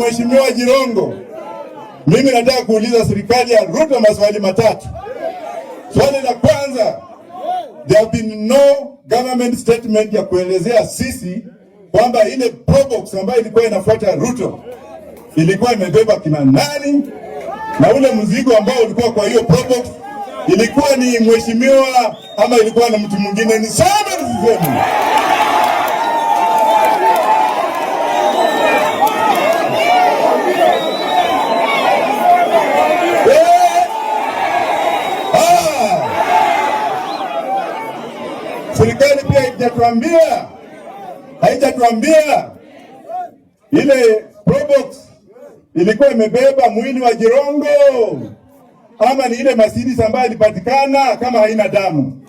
Mheshimiwa Jirongo, mimi nataka kuuliza serikali ya Ruto maswali matatu. Swali la kwanza, there have been no government statement ya kuelezea sisi kwamba ile probox ambayo ilikuwa inafuata Ruto ilikuwa imebeba kina nani, na ule mzigo ambao ulikuwa kwa hiyo probox ilikuwa ni mheshimiwa ama ilikuwa na mtu mwingine? Ni sana sisemu Serikali pia haijatuambia haijatuambia ile probox ilikuwa imebeba mwili wa Jirongo ama ni ile Mercedes ambayo ilipatikana kama haina damu.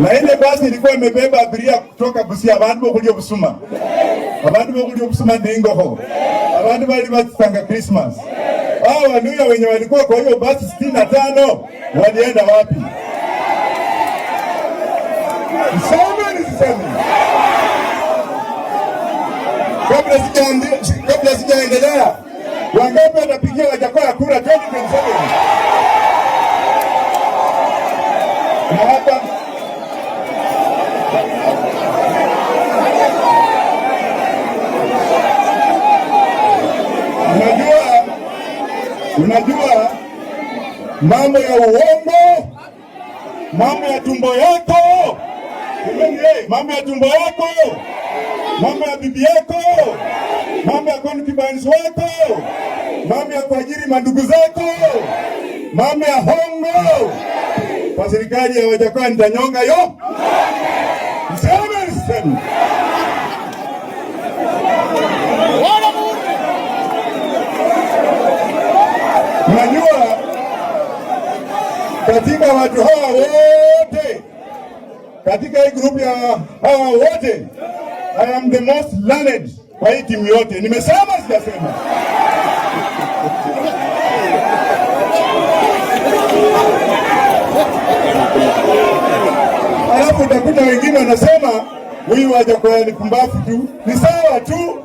Na ile basi ilikuwa imebeba abiria kutoka Busia abantu bokulya busuma abantu bokulya busuma ndingoho abantu bali basanga Christmas hao wanuya wenye walikuwa kwa hiyo basi sitini na tano walienda wapi? Niseme nisiseme? Kabla sijaendelea, wangapi watapigia Wajakoya kura Na hapa Unajua mambo ya uongo, mambo ya tumbo yako, mambo ya tumbo yako, mambo ya bibi yako, mambo ya concubines wako, mambo ya kuajiri mandugu zako, mambo ya hongo kwa serikali ya wajakaa nitanyonga yo, mseme mseme katika watu hawa wote, katika hii group ya hawa wote, I am the most learned kwa hii timu yote. Nimesema sijasema? Alafu utakuta wengine wanasema huyu Wajakoya ni pumbafu tu. Ni sawa tu.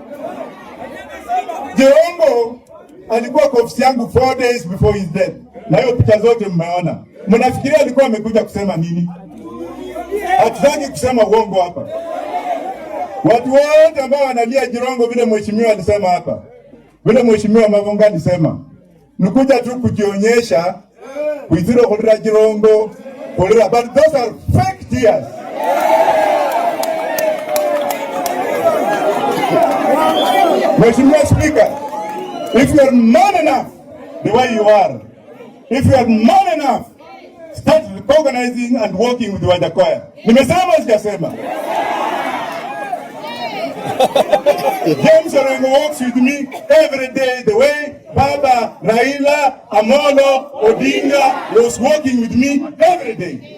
Jeongo alikuwa kwa ofisi yangu 4 days before his death, na hiyo picha zote mmeona. Mnafikiria alikuwa amekuja kusema nini? Hatutaki kusema uongo hapa. Watu wote ambao wanalia jirongo vile mheshimiwa alisema hapa, vile mheshimiwa Mavunga alisema, nikuja tu kujionyesha kuitira kulira jirongo kulira, but those are fake tears. Mheshimiwa Speaker, if you are man enough the way you are, if you are man enough start organizing and working with wider choir. Nimesema sijasema? James Orengo works with me every day the way Baba Raila Amolo Odinga was working with me every day.